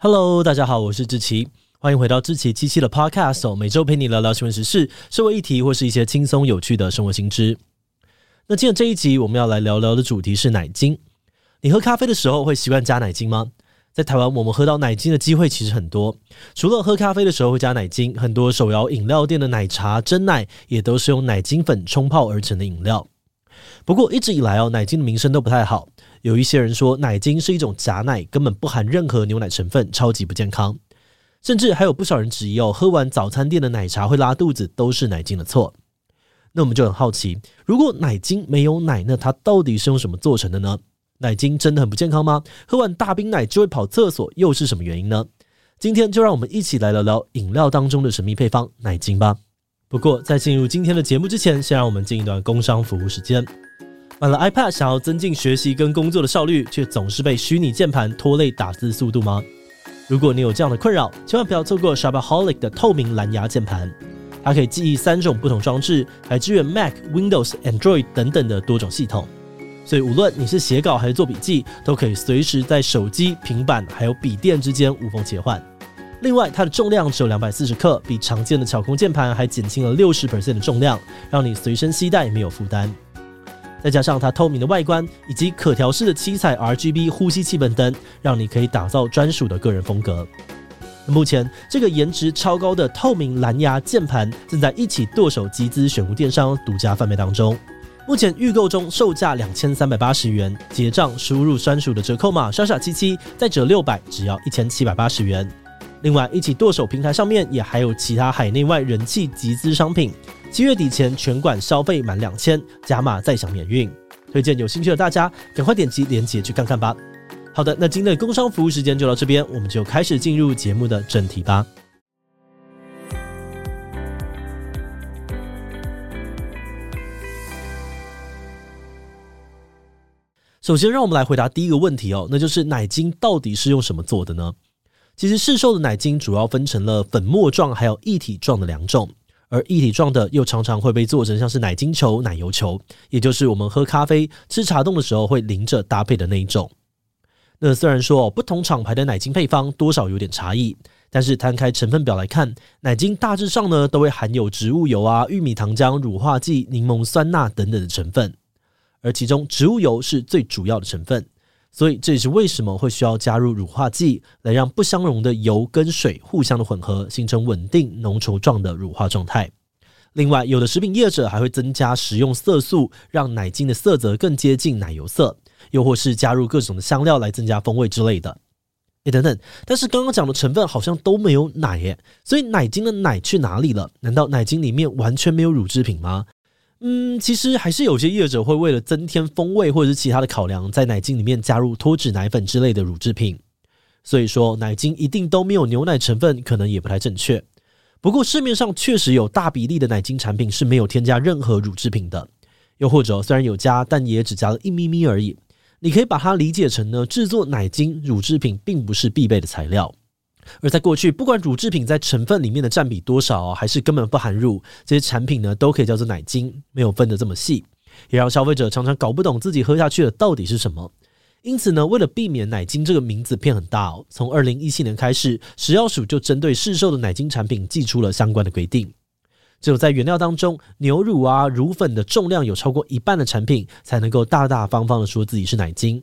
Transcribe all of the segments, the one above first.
Hello，大家好，我是志祺，歡迎回到志祺七七的 Podcast，每周陪你聊聊新聞時事、社會議題或是一些輕鬆有趣的生活新知。那今天這一集我們要來聊聊的主題是奶精。你喝咖啡的時候會習慣加奶精嗎？在台灣，我們喝到奶精的機會其實很多，除了喝咖啡的時候會加奶精，很多手搖飲料店的奶茶、珍奶也都是用奶精粉沖泡而成的飲料。不過一直以來哦，奶精的名聲都不太好。有一些人說奶精是一種假奶，根本不含任何牛奶成分，超級不健康。甚至還有不少人質疑哦，喝完早餐店的奶茶會拉肚子，都是奶精的錯。那我們就很好奇，如果奶精沒有奶呢？那它到底是用什麼做成的呢？奶精真的很不健康嗎？喝完大冰奶就會跑廁所，又是什麼原因呢？今天就讓我們一起來聊聊飲料當中的神秘配方——奶精吧。不過在進入今天的節目之前，先讓我們進一段工商服務時間。買了 iPad，想要增進學習跟工作的效率，卻總是被虛擬鍵盤拖累打字速度嗎？如果你有這樣的困擾，千萬不要錯過 Shabaholic 的透明藍牙鍵盤。它可以記憶三種不同裝置，還支援 Mac、Windows、Android 等等的多種系統。所以無論你是寫稿還是做筆記，都可以隨時在手機、平板還有筆電之間無縫切換。另外，它的重量只有兩百四十克，比常見的巧控鍵盤還減輕了六十%的重量，讓你隨身攜帶沒有負擔。再加上它透明的外觀以及可調式的七彩 RGB 呼吸氣氛燈，讓你可以打造專屬的個人風格。目前這個顏值超高的透明藍牙鍵盤正在一起剁手集資選物電商獨家販賣當中。目前預購中售價兩千三百八十元，結賬輸入專屬的折扣碼“刷刷七七”，再折六百，只要一千七百八十元。另外，一起剁手平台上面也還有其他海內外人氣集資商品。七月底前，全館消費滿兩千，加碼再享免運。推薦有興趣的大家趕快點擊鏈接去看看吧。好的，那今天的工商服務時間就到這邊，我們就開始進入節目的正題吧。首先，讓我們來回答第一個問題哦，那就是奶精到底是用什麼做的呢？其實市售的奶精主要分成了粉末狀還有液體狀的兩種，而液體狀的又常常會被做成像是奶精球、奶油球，也就是我們喝咖啡吃茶凍的時候會淋着搭配的那一種。那雖然說不同廠牌的奶精配方多少有點差異，但是攤開成分表來看，奶精大致上呢都會含有植物油啊、玉米糖漿、乳化劑、檸檬酸鈉等等的成分，而其中植物油是最主要的成分。所以這也是為什麼會需要加入乳化劑，來讓不相容的油跟水互相的混合，形成穩定濃稠狀的乳化狀態。另外，有的食品業者還會增加食用色素，讓奶精的色澤更接近奶油色，又或是加入各種的香料來增加風味之類的。誒，等等，但是剛剛講的成分好像都沒有奶耶，所以奶精的奶去哪裡了？難道奶精裡面完全沒有乳製品嗎？嗯，其實還是有些業者會為了增添風味或者是其他的考量，在奶精裡面加入脫脂奶粉之類的乳製品。所以說，奶精一定都沒有牛奶成分，可能也不太正確。不過市面上確實有大比例的奶精產品是沒有添加任何乳製品的，又或者雖然有加，但也只加了一咪咪而已。你可以把它理解成呢，製作奶精，乳製品並不是必備的材料。而在過去，不管乳製品在成分裡面的占比多少，還是根本不含乳，這些產品呢都可以叫做奶精，沒有分得這麼細，也讓消費者常常搞不懂自己喝下去的到底是什麼。因此呢，為了避免奶精這個名字騙很大哦，從二零一七年開始，食藥署就針對市售的奶精產品祭出了相關的規定，只有在原料當中牛乳啊乳粉的重量有超過一半的產品，才能夠大大方方的說自己是奶精。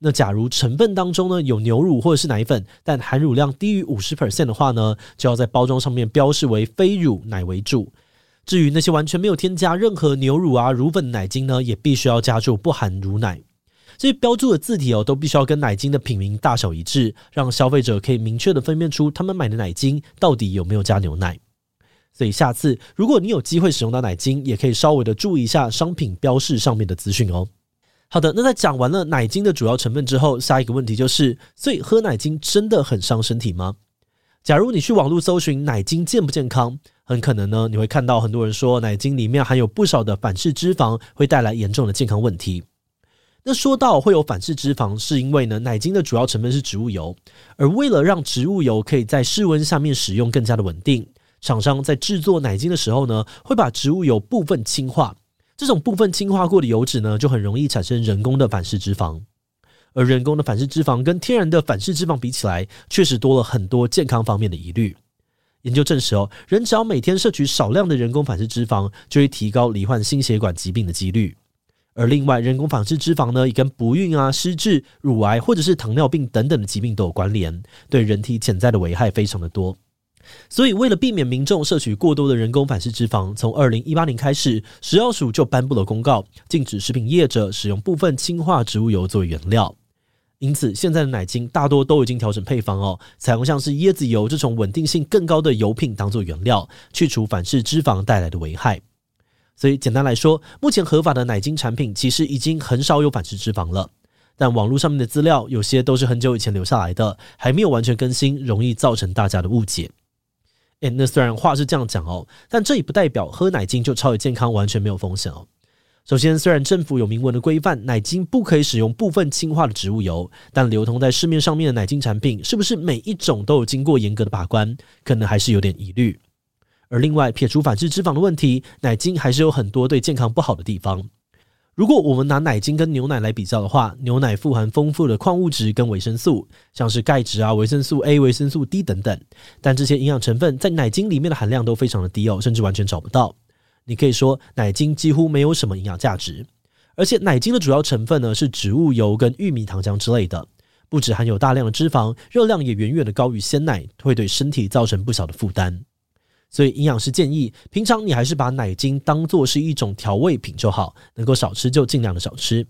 那假如成分當中呢，有牛乳或者是奶粉，但含乳量低於五十趴的話呢，就要在包裝上面標示為非乳奶為主。至於那些完全沒有添加任何牛乳啊、乳粉的奶精呢，也必須要加注不含乳奶。這些標注的字體哦，都必須要跟奶精的品名大小一致，讓消費者可以明確的分辨出他們買的奶精到底有沒有加牛奶。所以下次如果你有機會使用到奶精，也可以稍微的注意一下商品標示上面的資訊哦。好的，那在講完了奶精的主要成分之後，下一個問題就是：所以喝奶精真的很傷身體嗎？假如你去網路搜尋奶精健不健康，很可能呢你會看到很多人說奶精裡面含有不少的反式脂肪，會帶來嚴重的健康問題。那說到會有反式脂肪，是因為呢奶精的主要成分是植物油，而為了讓植物油可以在室溫下面使用更加的穩定，廠商在製作奶精的時候呢，會把植物油部分氫化。這種部分氫化過的油脂呢，就很容易產生人工的反式脂肪，而人工的反式脂肪跟天然的反式脂肪比起來，確實多了很多健康方面的疑慮。研究證實哦，人只要每天攝取少量的人工反式脂肪，就會提高罹患心血管疾病的幾率。而另外，人工反式脂肪呢，也跟不孕啊、失智、乳癌或者是糖尿病等等的疾病都有關聯，對人體潛在的危害非常的多。所以，為了避免民眾攝取過多的人工反式脂肪，從二零一八年開始，食藥署就頒布了公告，禁止食品業者使用部分氫化植物油作為原料。因此，現在的奶精大多都已經調整配方哦，採用像是椰子油這種穩定性更高的油品當做原料，去除反式脂肪帶來的危害。所以，簡單來說，目前合法的奶精產品其實已經很少有反式脂肪了。但網絡上面的資料有些都是很久以前留下來的，還沒有完全更新，容易造成大家的誤解。哎、欸，那雖然話是這樣講哦，但這也不代表喝奶精就超級健康，完全沒有風險哦。首先，雖然政府有明文的規範，奶精不可以使用部分氫化的植物油，但流通在市面上面的奶精產品，是不是每一種都有經過嚴格的把關，可能還是有點疑慮。而另外，撇除反式脂肪的問題，奶精還是有很多對健康不好的地方。如果我們拿奶精跟牛奶來比較的話，牛奶富含豐富的礦物質跟維生素，像是鈣質啊、維生素 A、維生素 D 等等。但這些營養成分在奶精裡面的含量都非常的低哦，甚至完全找不到。你可以說奶精幾乎沒有什麼營養價值。而且奶精的主要成分呢，是植物油跟玉米糖漿之類的，不只含有大量的脂肪，熱量也遠遠的高於鮮奶，會對身體造成不小的負擔。所以營養師建議，平常你還是把奶精當做是一種調味品就好，能夠少吃就盡量的少吃。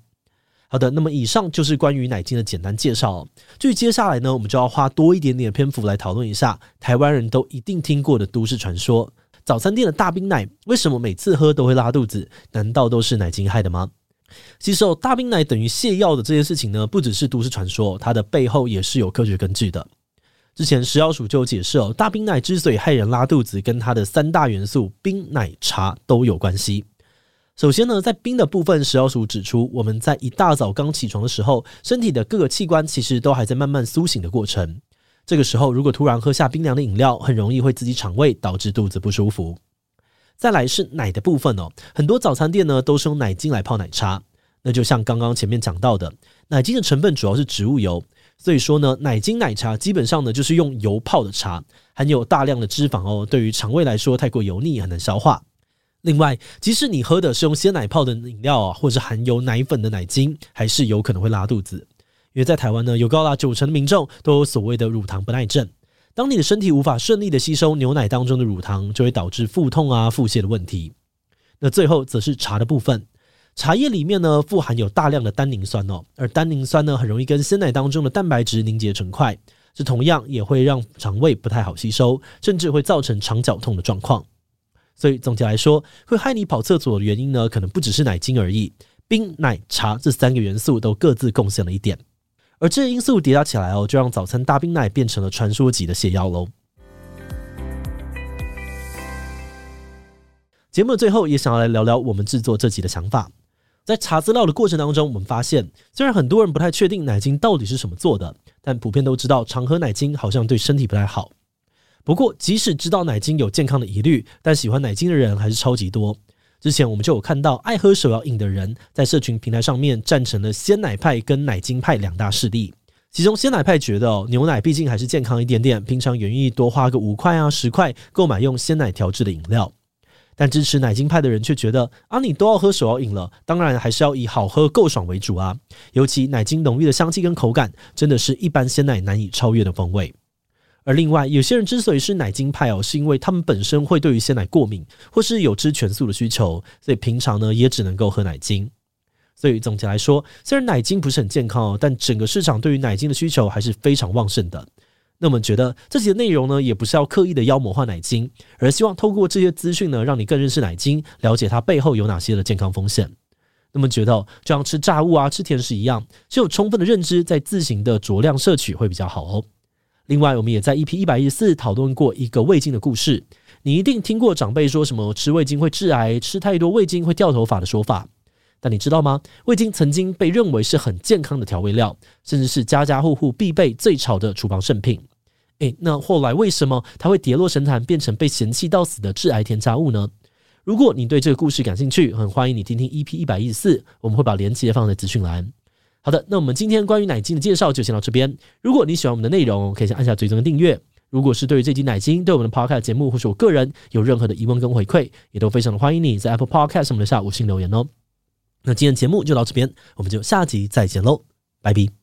好的，那麼以上就是關於奶精的簡單介紹哦。至於接下來呢，我們就要花多一點點的篇幅來討論一下台灣人都一定聽過的都市傳說：早餐店的大冰奶為什麼每次喝都會拉肚子？難道都是奶精害的嗎？其實哦，大冰奶等於瀉藥的這件事情呢，不只是都市傳說，它的背後也是有科學根據的。之前食藥署就解釋哦，大冰奶之所以害人拉肚子，跟它的三大元素冰、奶、茶都有關係。首先呢，在冰的部分，食藥署指出，我們在一大早剛起床的時候，身體的各個器官其實都還在慢慢甦醒的過程。這個時候，如果突然喝下冰涼的飲料，很容易會刺激腸胃，導致肚子不舒服。再來是奶的部分哦，很多早餐店呢都是用奶精來泡奶茶。那就像剛剛前面講到的，奶精的成分主要是植物油。所以說呢，奶精奶茶基本上呢就是用油泡的茶，含有大量的脂肪哦，對於腸胃來說太過油膩很難消化。另外，即使你喝的是用鮮奶泡的飲料啊，或是含有奶粉的奶精，還是有可能會拉肚子。因為在台灣呢，有高達九成的民眾都有所謂的乳糖不耐症，當你的身體無法順利的吸收牛奶當中的乳糖，就會導致腹痛啊、腹瀉的問題。那最後則是茶的部分。茶葉裡面呢，富含有大量的單寧酸哦，而單寧酸呢，很容易跟鮮奶當中的蛋白質凝結成塊，這同樣也會讓腸胃不太好吸收，甚至會造成腸絞痛的狀況。所以，總結來說，會害你跑廁所的原因呢，可能不只是奶精而已，冰、奶、茶這三個元素都各自貢獻了一點，而這些因素疊加起來哦，就讓早餐大冰奶變成了傳說級的瀉藥嘍。節目的最後，也想要來聊聊我們製作這集的想法。在查資料的過程當中，我們發現，雖然很多人不太確定奶精到底是什麼做的，但普遍都知道常喝奶精好像對身體不太好。不過，即使知道奶精有健康的疑慮，但喜歡奶精的人還是超級多。之前我們就有看到，愛喝手搖飲的人在社群平台上面站成了鮮奶派跟奶精派兩大勢力。其中鮮奶派覺得哦，牛奶畢竟還是健康一點點，平常願意多花個五塊啊十塊購買用鮮奶調製的飲料。但支持奶精派的人卻覺得啊，你都要喝手搖飲了，當然還是要以好喝夠爽為主啊。尤其奶精濃郁的香氣跟口感，真的是一般鮮奶難以超越的風味。而另外，有些人之所以是奶精派哦，是因為他們本身會對於鮮奶過敏，或是有吃全素的需求，所以平常呢也只能夠喝奶精。所以總結來說，雖然奶精不是很健康哦，但整個市場對於奶精的需求還是非常旺盛的。那我們覺得這些內容呢，也不是要刻意的妖魔化奶精，而希望透過這些資訊呢，讓你更認識奶精，了解它背後有哪些的健康風險。那麼覺得就像吃炸物啊、吃甜食一樣，只有充分的認知，在自行的酌量攝取會比較好哦。另外，我們也在 EP114 討論過一個味精的故事，你一定聽過長輩說什麼吃味精會致癌、吃太多味精會掉頭髮的說法。但你知道嗎？味精曾經被認為是很健康的調味料，甚至是家家戶戶必備、最潮的廚房聖品。誒，那後來為什麼它會跌落神壇，變成被嫌棄到死的致癌添加物呢？如果你對這個故事感興趣，很歡迎你聽聽 EP 一百一十四，我們會把連結放在資訊欄。好的，那我們今天關於奶精的介紹就先到這邊。如果你喜歡我們的內容，可以先按下追蹤和訂閱。如果是對於這集奶精、對我們的 Podcast 節目，或是我個人有任何的疑問跟回饋，也都非常的歡迎你在 Apple Podcast 上面留下五星留言哦。那今天節目就到這邊，我們就下集再見嘍，拜拜。